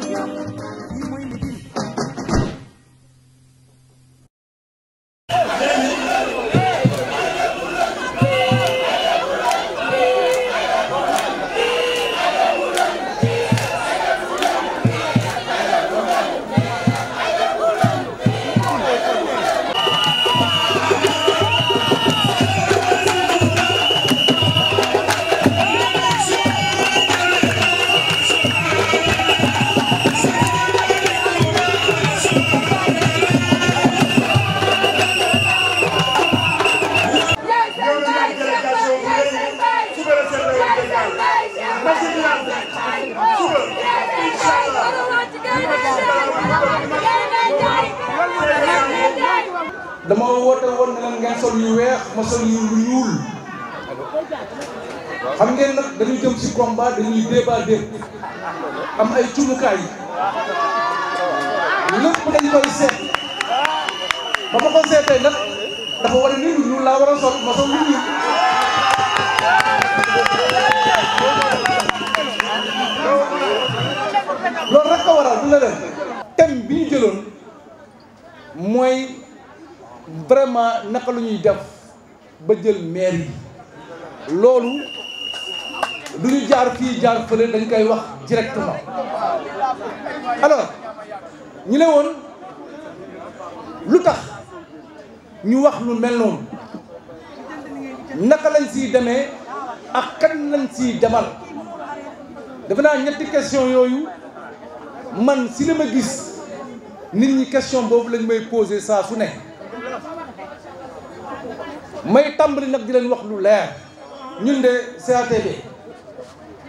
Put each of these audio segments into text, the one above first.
Thank you. dama woote woon ne leen ngeen sol yu weex ma sol yu lu ñuul xam ngeen nag dañuy jëm ci combat dañuy débat déet am ay cumukaay yi lépp dañ koy seet ba ma ko seetee a laa war a sol ma sol lu ñuul loolu rek ko waral du la leen thème bi ñu jëloon mooy vraiment naka lu ñuy def ba jël maire yi loolu du ñu jaar fii jaar fële dañ koy wax directement alors ñu ne woon lu tax ñu wax lu mel noonu naka lañ siy demee ak kan lañ siy demal dafa naa ñetti question yooyu man si la ma gis nit ñi question boobu lañ may posé saa su ne may tàmbali nag di leen wax lu leer ñun de CATB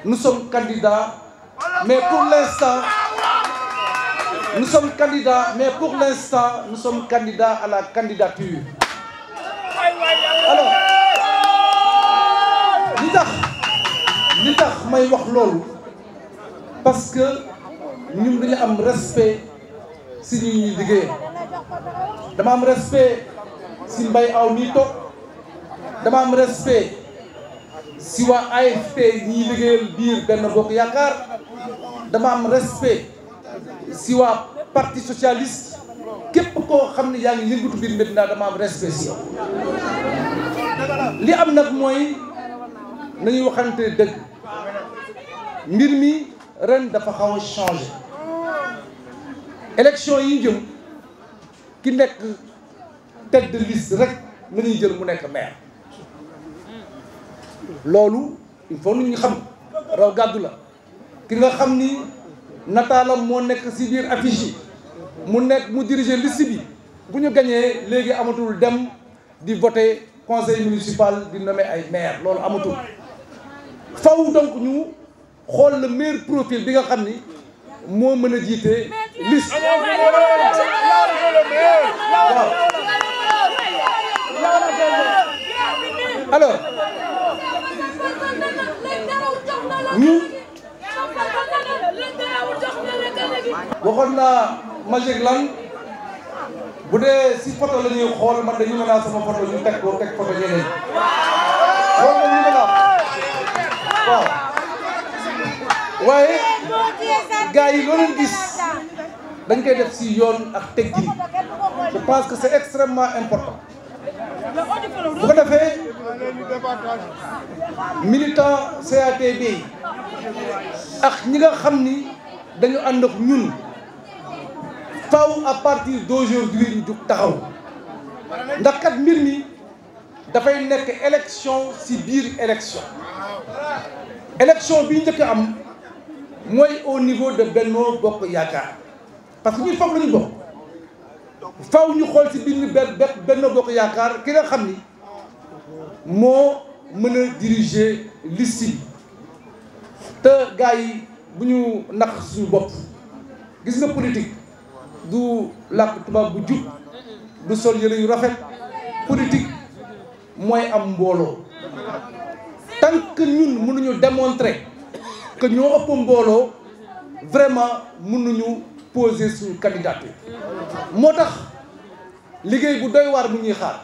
nous sommes candidats mais pour l'instant nous sommes candidats mais pour l'instant nous sommes candidats à la candidature alors li tax li tax may wax loolu parce que ñun dañu am respect si ñuy liggéey dama am respect si mbay aw mii toog dama am respect si waa AFP ñiy liggéeyal biir benn bokk yaakaar dama am respect si waa parti socialiste képp koo xam ne yaa ngi yëngatu biir Médina dama am respect si li am nag mooy nañuy waxante dëgg mbir mi ren dafa xaw a changé yi jëm ki nekk tête de liste rek la ñuy jël mu nekk maire loolu il faut ñu xam raw gàddu la ki nga xam ni nataalam moo nekk si biir affiche yi mu nekk mu diriger liste bi bu ñu gañee léegi amatul dem di voter conseil municipal di nommer ay maire loolu amatul faw donc ñu xool le meilleur profil bi nga xam ni moo mën a jiite liste waaw alors ñun hmm? waxoon naa Magic lan bu dee si photo la ñuy xool man dañu mën a sama photo ñu teg ko teg photo ñeneen loolu la ñu mën a waaw waaye gars yi loo leen gis dañ koy def si yoon ak teggin je pense que c'est extrêmement important bu ko defee militant CATB ak ñi nga xam ni dañu ànd ak ñun faaw à partir d'aujourd'hui ñu jug taxaw ndax kat mbir mi dafay nekk élection ci biir élection élection bi njëkk am mooy au niveau de benn Bokk Yaakaar parce que ñun foofu la ñu bokk faw ñu xool ci biir benn benn bokk yaakaar ki nga xam ni moo mën a diriger liste bi te gars yi bu ñu nax suñu bopp gis nga politique du làkk tubaab bu jub du sol yëre yu rafet politique mooy am mbooloo tant que ñun mënuñu démontrer que ñoo ëpp mbooloo vraiment mënuñu. poser suñu candidature moo tax liggéey bu doy waar bu xaar